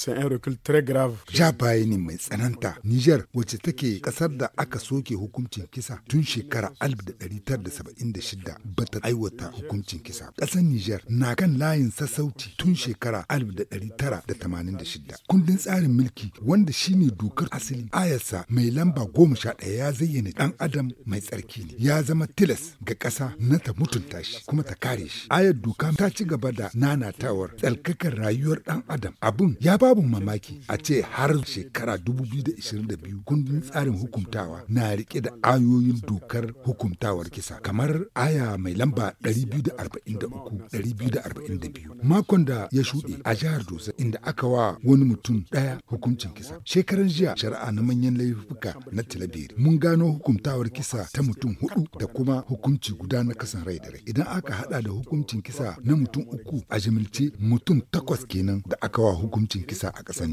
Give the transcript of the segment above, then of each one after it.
sun yi rukul très Ja baya ne mai tsananta. Niger wacce take kasar da aka soke hukuncin kisa tun shekara 1976 bata aiwata hukuncin kisa. Kasar Niger na kan layin sassauci tun shekara 1986. Kundin tsarin mulki wanda shine dokar asali ayarsa mai lamba goma sha 11 ya zayyana dan adam mai tsarki ne. Ya zama tilas ga ƙasa. na ta mutunta shi kuma ta kare shi. Ayar doka ta ci gaba da nanatawar tsalkakar rayuwar dan adam. Abun ya ba babu mamaki a ce har shekara 2022 kundin tsarin hukuntawa na rike da ayoyin dokar hukuntawar kisa kamar aya mai lamba 243-242. Makon da ya shuɗe a jihar Dosa inda aka wa wani mutum ɗaya hukuncin kisa. Shekaran jiya shari'a na manyan laifuka na talabiri mun gano hukuntawar kisa ta mutum hudu da kuma hukunci guda na kasan rai da rai. Idan aka hada da hukuncin kisa na mutum uku a jimilce mutum takwas kenan da aka wa hukuncin kisa. siyasa a ƙasar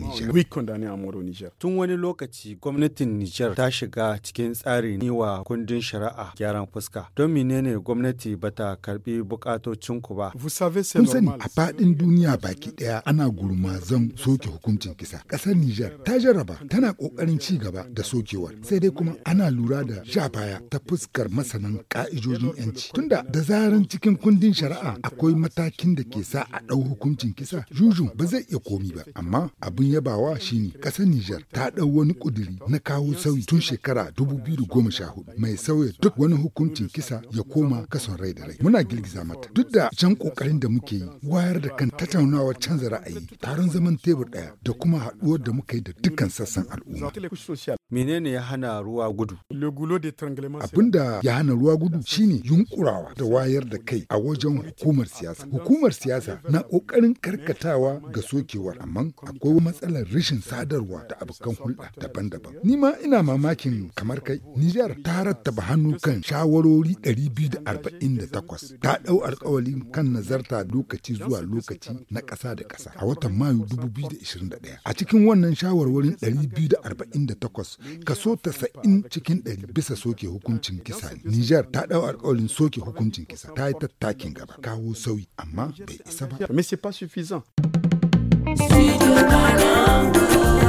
Nijar. Tun wani lokaci gwamnatin Nijar ta shiga cikin tsari yi wa kundin shari'a gyaran fuska. Don menene gwamnati bata karbi bukatocin ku ba? Kun sani a faɗin duniya baki ɗaya ana gurmazan soke hukuncin kisa. Ƙasar Nijar ta jaraba tana ƙoƙarin ci gaba da sokewar. Sai dai kuma ana lura da sha baya ta fuskar masanan ƙa'idojin 'yanci. Tunda da zaran cikin kundin shari'a akwai matakin da ke sa a ɗau hukuncin kisa, jujun ba zai iya komi ba. Amma amma abin yabawa shine ƙasar Nijar ta ɗau wani ƙuduri na kawo sauyi tun shekara 2014 mai sauya duk wani hukuncin kisa ya koma kason rai da rai. Muna girgiza mata duk da can ƙoƙarin da muke yi wayar da kan tattaunawa canza ra'ayi taron zaman tebur ɗaya da kuma haɗuwar da muka yi da dukkan sassan al'umma. Menene ya hana ruwa gudu? abin da ya hana ruwa gudu shine yunkurawa da wayar da kai a wajen hukumar siyasa. Hukumar siyasa na ƙoƙarin karkatawa ga sokewar amma akwai matsalar rashin sadarwa da abokan hulɗa daban-daban. Ni ma ina mamakin kamar kai, Nijar ta rattaba hannu kan shawarori 248 ta ɗau alkawali kan nazarta lokaci zuwa lokaci na ƙasa da ƙasa a watan Mayu 2021. A cikin wannan shawarwarin 248 kaso 90 cikin 100 bisa soke hukuncin kisa ne. Nijar ta ɗau alkawalin soke hukuncin kisa ta yi tattakin gaba kawo sauyi amma bai isa ba. Mais c'est pas suffisant. Se teu pai